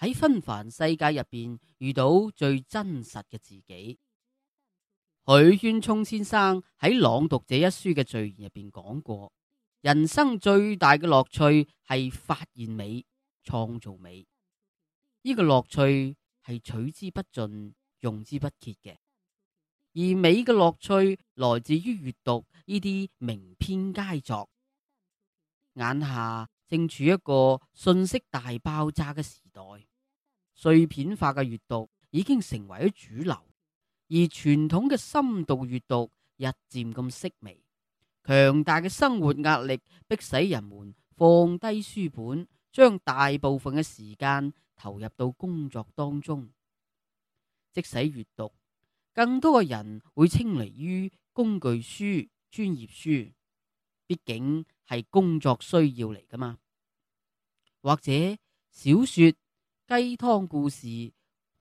喺紛繁世界入邊遇到最真實嘅自己，許淵沖先生喺朗讀者一書嘅序言入邊講過，人生最大嘅樂趣係發現美、創造美，呢個樂趣係取之不盡、用之不竭嘅。而美嘅樂趣來自於閱讀呢啲名篇佳作。眼下正處一個信息大爆炸嘅時代。碎片化嘅閱讀已經成為咗主流，而傳統嘅深度閱讀日漸咁式微。強大嘅生活壓力迫使人們放低書本，將大部分嘅時間投入到工作當中。即使閱讀，更多嘅人會青睞於工具書、專業書，畢竟係工作需要嚟㗎嘛。或者小說。雞湯故事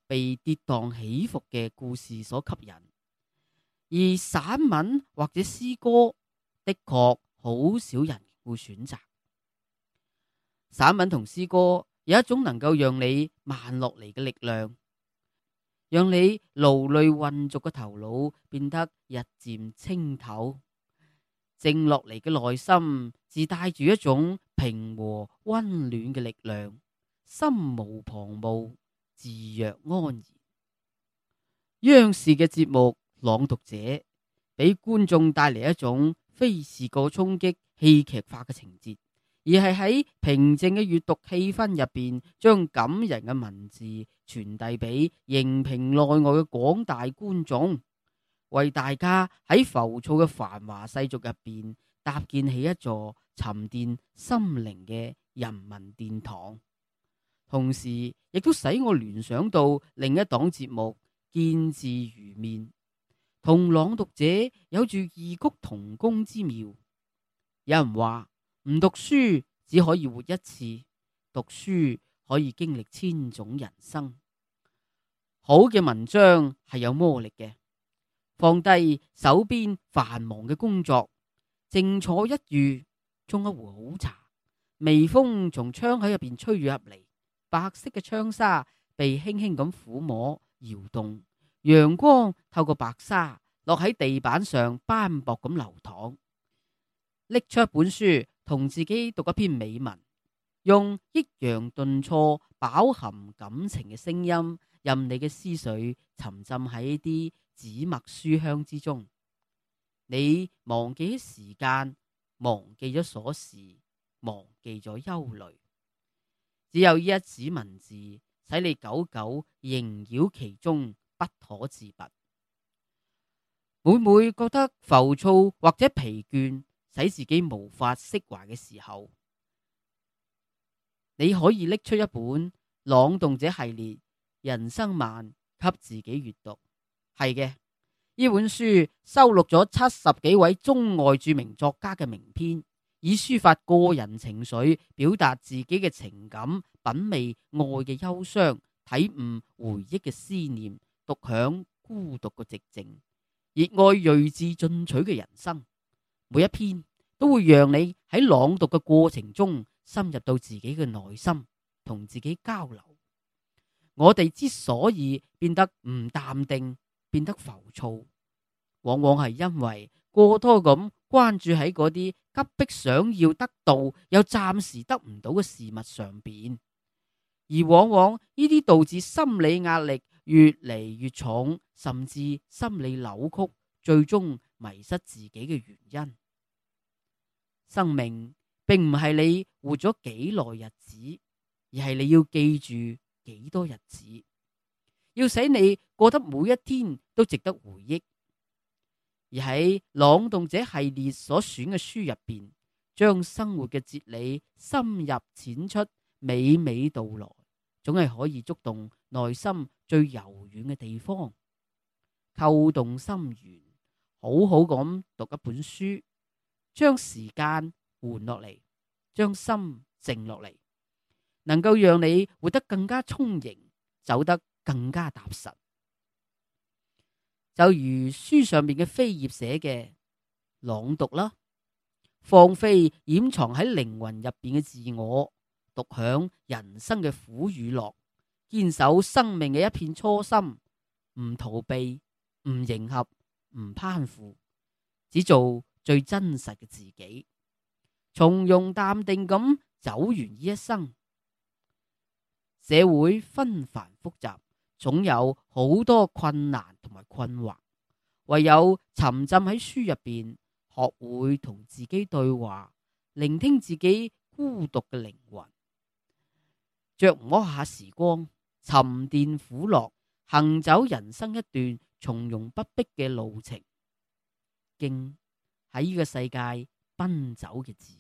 被跌宕起伏嘅故事所吸引，而散文或者詩歌的確好少人會選擇。散文同詩歌有一種能夠讓你慢落嚟嘅力量，讓你勞累混濁嘅頭腦變得日漸清透，靜落嚟嘅內心自帶住一種平和溫暖嘅力量。心無旁騖，自若安然。央視嘅節目《朗讀者》俾觀眾帶嚟一種非視覺衝擊、戲劇化嘅情節，而係喺平靜嘅閱讀氣氛入邊，將感人嘅文字傳遞俾熒屏內外嘅廣大觀眾，為大家喺浮躁嘅繁華世俗入邊，搭建起一座沉澱心靈嘅人民殿堂。同時，亦都使我聯想到另一檔節目《見字如面》，同朗讀者有住異曲同工之妙。有人話，唔讀書只可以活一次，讀書可以經歷千種人生。好嘅文章係有魔力嘅，放低手邊繁忙嘅工作，靜坐一隅，沖一壺好茶，微風從窗口入邊吹咗入嚟。白色嘅窗紗被輕輕咁撫摸搖動，陽光透過白紗落喺地板上斑駁咁流淌。拎出一本書，同自己讀一篇美文，用抑揚頓挫飽含感情嘅聲音，任你嘅思緒沉浸喺啲紙墨書香之中。你忘記時間，忘記咗瑣事，忘記咗憂慮。只有呢一紙文字，使你久久縈繞其中，不可自拔。每每覺得浮躁或者疲倦，使自己無法釋懷嘅時候，你可以拎出一本《朗動者系列人生漫》給自己閱讀。係嘅，呢本書收錄咗七十幾位中外著名作家嘅名篇。以抒發個人情緒，表達自己嘅情感品味，愛嘅憂傷，體悟回憶嘅思念，獨享孤獨嘅寂靜，熱愛睿智進取嘅人生。每一篇都會讓你喺朗讀嘅過程中深入到自己嘅內心，同自己交流。我哋之所以變得唔淡定，變得浮躁，往往係因為，過多咁關注喺嗰啲急迫想要得到又暫時得唔到嘅事物上面，而往往呢啲導致心理壓力越嚟越重，甚至心理扭曲，最終迷失自己嘅原因。生命並唔係你活咗幾耐日子，而係你要記住幾多日子，要使你過得每一天都值得回憶。而喺朗誦者系列所選嘅書入邊，將生活嘅哲理深入淺出，娓娓道來，總係可以觸動內心最柔軟嘅地方，扣動心弦。好好咁讀一本書，將時間緩落嚟，將心靜落嚟，能夠讓你活得更加充盈，走得更加踏實。就如書上面嘅扉頁寫嘅朗讀啦，放飛掩藏喺靈魂入邊嘅自我，獨享人生嘅苦與樂，堅守生命嘅一片初心，唔逃避，唔迎合，唔攀附，只做最真實嘅自己，從容淡定咁走完呢一生。社會紛繁複雜。總有好多困難同埋困惑，唯有沉浸喺書入邊，學會同自己對話，聆聽自己孤獨嘅靈魂，琢磨下時光，沉澱苦樂，行走人生一段從容不迫嘅路程，經喺呢個世界奔走嘅字。